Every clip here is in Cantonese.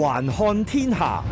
環看天下，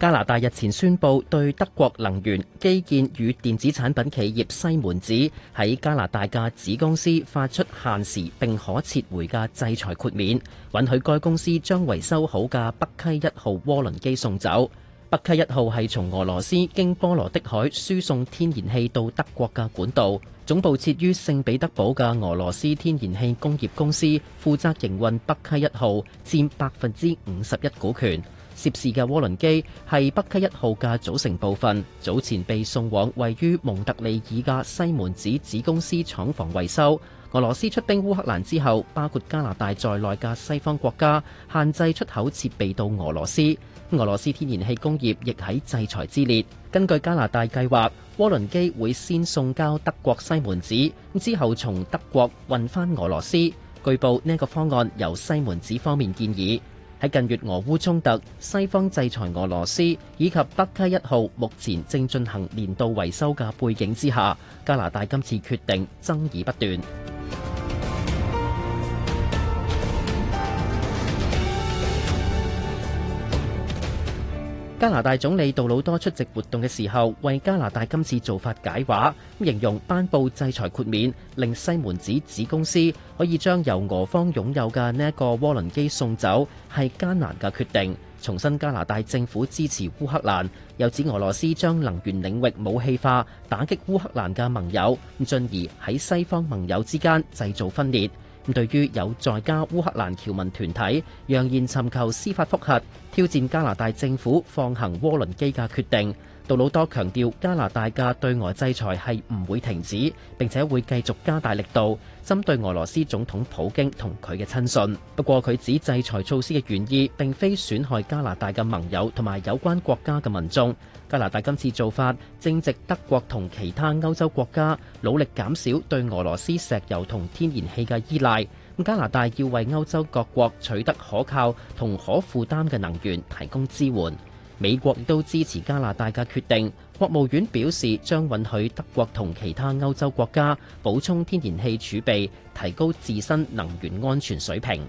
加拿大日前宣布對德國能源基建與電子產品企業西門子喺加拿大嘅子公司發出限時並可撤回嘅制裁豁免，允許該公司將維修好嘅北溪一號渦輪機送走。北溪一號係從俄羅斯經波羅的海輸送天然氣到德國嘅管道，總部設於聖彼得堡嘅俄羅斯天然氣工業公司負責營運北溪一號佔，佔百分之五十一股權。涉事嘅渦輪機係北溪一號嘅組成部分，早前被送往位於蒙特利爾嘅西門子子公司廠房維修。俄羅斯出兵烏克蘭之後，包括加拿大在內嘅西方國家限制出口設備到俄羅斯。俄羅斯天然氣工業亦喺制裁之列。根據加拿大計劃，渦輪機會先送交德國西門子，之後從德國運翻俄羅斯。據報呢個方案由西門子方面建議。喺近月俄烏衝突、西方制裁俄羅斯以及北溪一號目前正進行年度維修嘅背景之下，加拿大今次決定爭議不斷。加拿大總理杜魯多出席活動嘅時候，為加拿大今次做法解話，形容頒布制裁豁免，令西門子子公司可以將由俄方擁有嘅呢一個渦輪機送走，係艱難嘅決定。重申加拿大政府支持烏克蘭，又指俄羅斯將能源領域武器化，打擊烏克蘭嘅盟友，進而喺西方盟友之間製造分裂。對於有在加烏克蘭僑民團體揚言尋求司法覆核，挑戰加拿大政府放行渦輪機嘅決定，杜魯多強調加拿大嘅對外制裁係唔會停止，並且會繼續加大力度針對俄羅斯總統普京同佢嘅親信。不過佢指制裁措施嘅原意並非損害加拿大嘅盟友同埋有關國家嘅民眾。加拿大今次做法正值德國同其他歐洲國家努力減少對俄羅斯石油同天然氣嘅依賴。加拿大要為歐洲各國取得可靠同可負擔嘅能源提供支援。美國亦都支持加拿大嘅決定。國務院表示將允許德國同其他歐洲國家補充天然氣儲備，提高自身能源安全水平。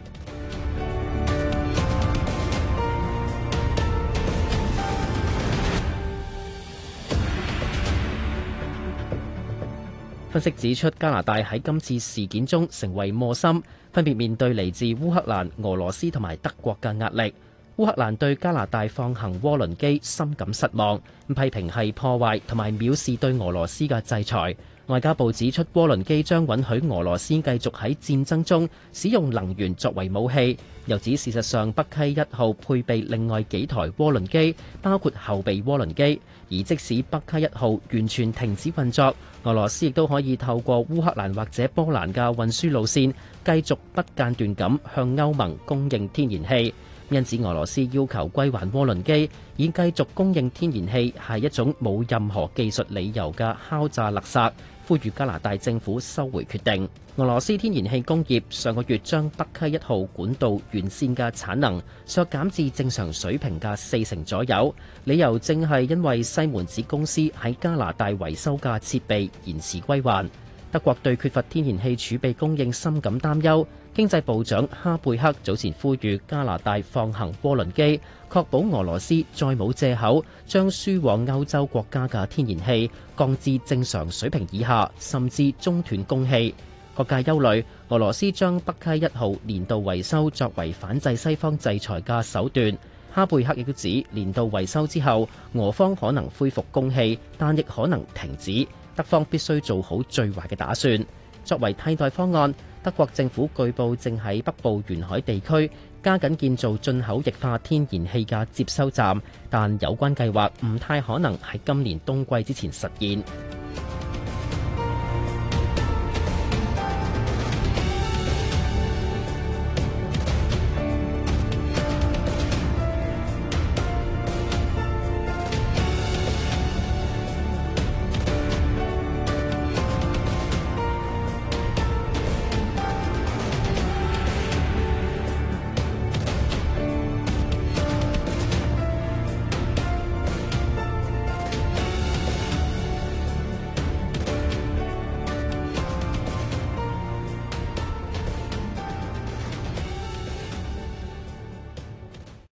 分析指出，加拿大喺今次事件中成為磨心，分別面對嚟自烏克蘭俄羅斯同埋德國嘅壓力。烏克蘭對加拿大放行渦輪機深感失望，批評係破壞同埋藐視對俄羅斯嘅制裁。外交部指出，渦輪機將允許俄羅斯繼續喺戰爭中使用能源作為武器。又指事實上，北溪一號配備另外幾台渦輪機，包括後備渦輪機。而即使北溪一號完全停止運作，俄羅斯亦都可以透過烏克蘭或者波蘭嘅運輸路線，繼續不間斷咁向歐盟供應天然氣。因此，俄羅斯要求歸還渦輪機，以繼續供應天然氣，係一種冇任何技術理由嘅敲詐勒索，呼籲加拿大政府收回決定。俄羅斯天然氣工業上個月將北溪一號管道原先嘅產能削減至正常水平嘅四成左右，理由正係因為西門子公司喺加拿大維修嘅設備延遲歸還。德國對缺乏天然氣儲備供應深感擔憂，經濟部長哈貝克早前呼籲加拿大放行渦輪機，確保俄羅斯再冇借口將輸往歐洲國家嘅天然氣降至正常水平以下，甚至中斷供氣。各界憂慮俄羅斯將北溪一號年度維修作為反制西方制裁嘅手段。哈貝克亦都指年度維修之後，俄方可能恢復供氣，但亦可能停止。德方必須做好最壞嘅打算。作為替代方案，德國政府據報正喺北部沿海地區加緊建造進口液化天然氣嘅接收站，但有關計劃唔太可能喺今年冬季之前實現。